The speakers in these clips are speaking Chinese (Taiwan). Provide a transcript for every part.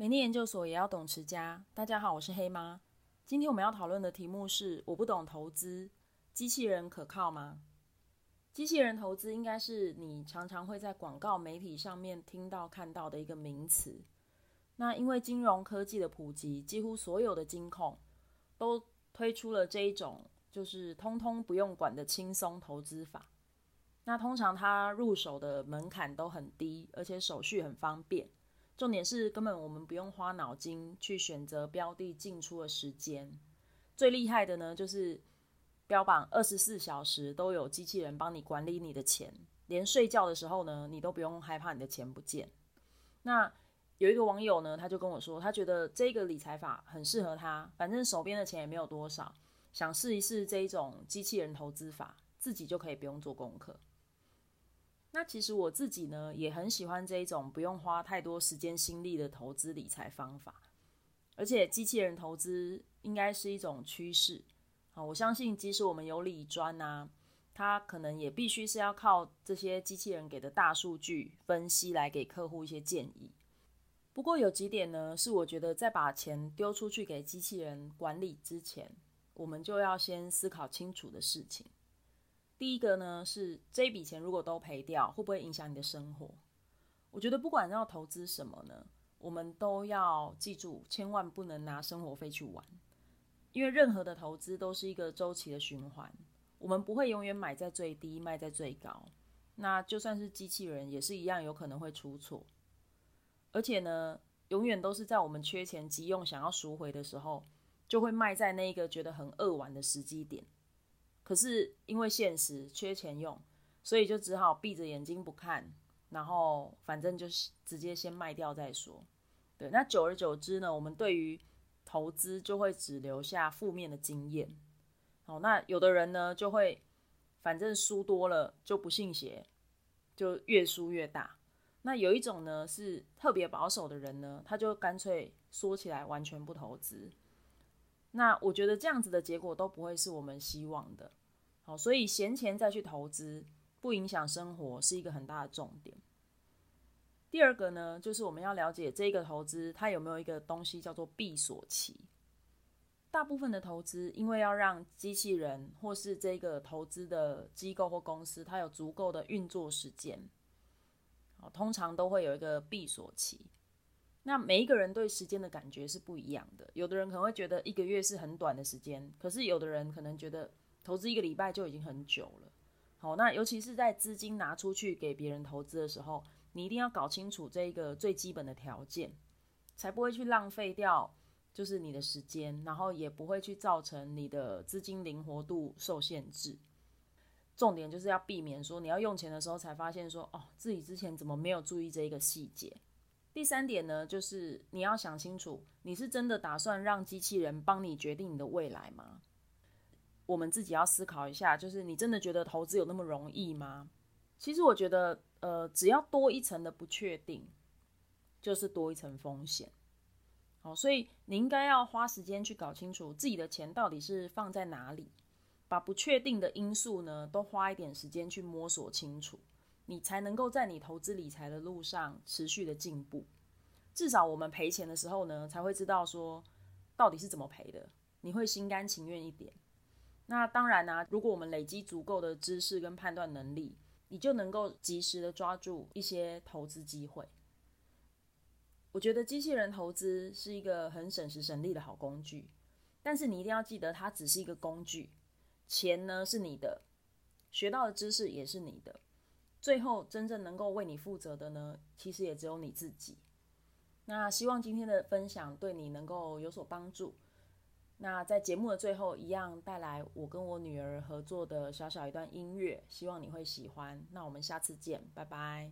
美麗研究所也要懂持家。大家好，我是黑媽。今天我們要討論的題目是：我不懂投資，機器人可靠嗎？機器人投資應該是你常常會在廣告媒體上面聽到看到的一個名詞。那因為金融科技的普及，幾乎所有的金控都推出了這一種，就是通通不用管的輕鬆投資法。那通常它入手的門檻都很低，而且手續很方便。重點是根本我們不用花腦筋去選擇標的進出的時間，最厲害的呢，就是標榜二十四小時都有機器人幫你管理你的錢，連睡覺的時候呢，你都不用害怕你的錢不見。那有一個網友呢，他就跟我說，他覺得這個理財法很適合他，反正手邊的錢也沒有多少，想試一試，這一種機器人投資法，自己就可以不用做功課。那其實我自己呢，也很喜歡這一種不用花太多時間心力的投資理財方法，而且機器人投資應該是一種趨勢啊。我相信，即使我們有理專吶、啊，它可能也必須是要靠這些機器人給的大數據分析來給客戶一些建議。不過有幾點呢，是我覺得在把錢丟出去給機器人管理之前，我們就要先思考清楚的事情。第一個呢是這筆錢如果都賠掉，會不會影響你的生活？我覺得不管要投資什麼呢，我們都要記住，千萬不能拿生活費去玩，因為任何的投資都是一個周期的循環，我們不會永遠買在最低，賣在最高，那就算是機器人也是一樣，有可能會出錯。而且呢，永遠都是在我們缺錢急用想要贖回的時候，就會賣在那個覺得很扼腕的時機點。可是因為現實缺錢用，所以就只好閉着眼睛不看，然後反正就是直接先賣掉再說。對，那久而久之呢，我們對於投資就會只留下負面的經驗。好，那有的人呢就會反正輸多了就不信邪，就越輸越大。那有一種呢是特別保守的人呢，他就乾脆說起來完全不投資。那我覺得這樣子的結果都不會是我們希望的。所以閒錢再去投資，不影響生活是一個很大的重點。第二個呢，就是我們要了解這個投資它有沒有一個東西叫做閉鎖期。大部分的投資，因為要讓機器人或是這個投資的機構或公司，它有足夠的運作時間，通常都會有一個閉鎖期。那每一個人對時間的感覺是不一樣的，有的人可能會覺得一個月是很短的時間，可是有的人可能覺得。投資一個禮拜就已經很久了，好，那尤其是在資金拿出去給別人投資的時候，你一定要搞清楚這一個最基本的條件，才不會去浪費掉，就是你的時間，然後也不會去造成你的資金靈活度受限制。重點就是要避免說你要用錢的時候才發現說，哦，自己之前怎麼沒有注意這一個細節。第三點呢，就是你要想清楚，你是真的打算讓機器人幫你決定你的未來嗎？我們自己要思考一下，就是你真的覺得投資有那麼容易嗎？其實我覺得，呃，只要多一層的不確定，就是多一層風險。好，所以你應該要花時間去搞清楚自己的錢到底是放在哪裡，把不確定的因素呢，都花一點時間去摸索清楚，你才能夠在你投資理財的路上持續的進步。至少我們賠錢的時候呢，才會知道說到底是怎麼賠的，你會心甘情願一點。那當然啦、啊，如果我們累積足夠的知識跟判斷能力，你就能夠及時的抓住一些投資機會。我覺得機器人投資是一個很省時省力的好工具，但是你一定要記得，它只是一個工具，錢呢是你的，學到的知識也是你的，最後真正能夠為你負責的呢，其實也只有你自己。那希望今天的分享對你能夠有所幫助。那在節目的最後，一樣帶來我跟我女兒合作的小小一段音樂，希望你會喜歡。那我們下次見，拜拜。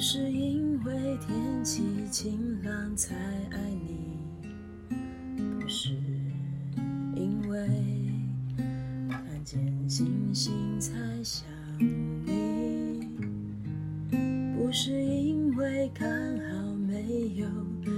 不是因為天氣晴朗才愛你，不是因為看見星星才想你，不是因為剛好沒有。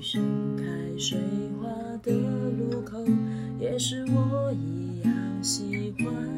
盛開水花的路口，也是我一樣喜歡。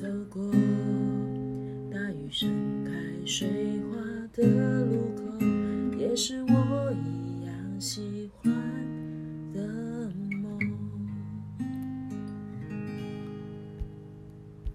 走過大雨盛開水花的路口，也是我。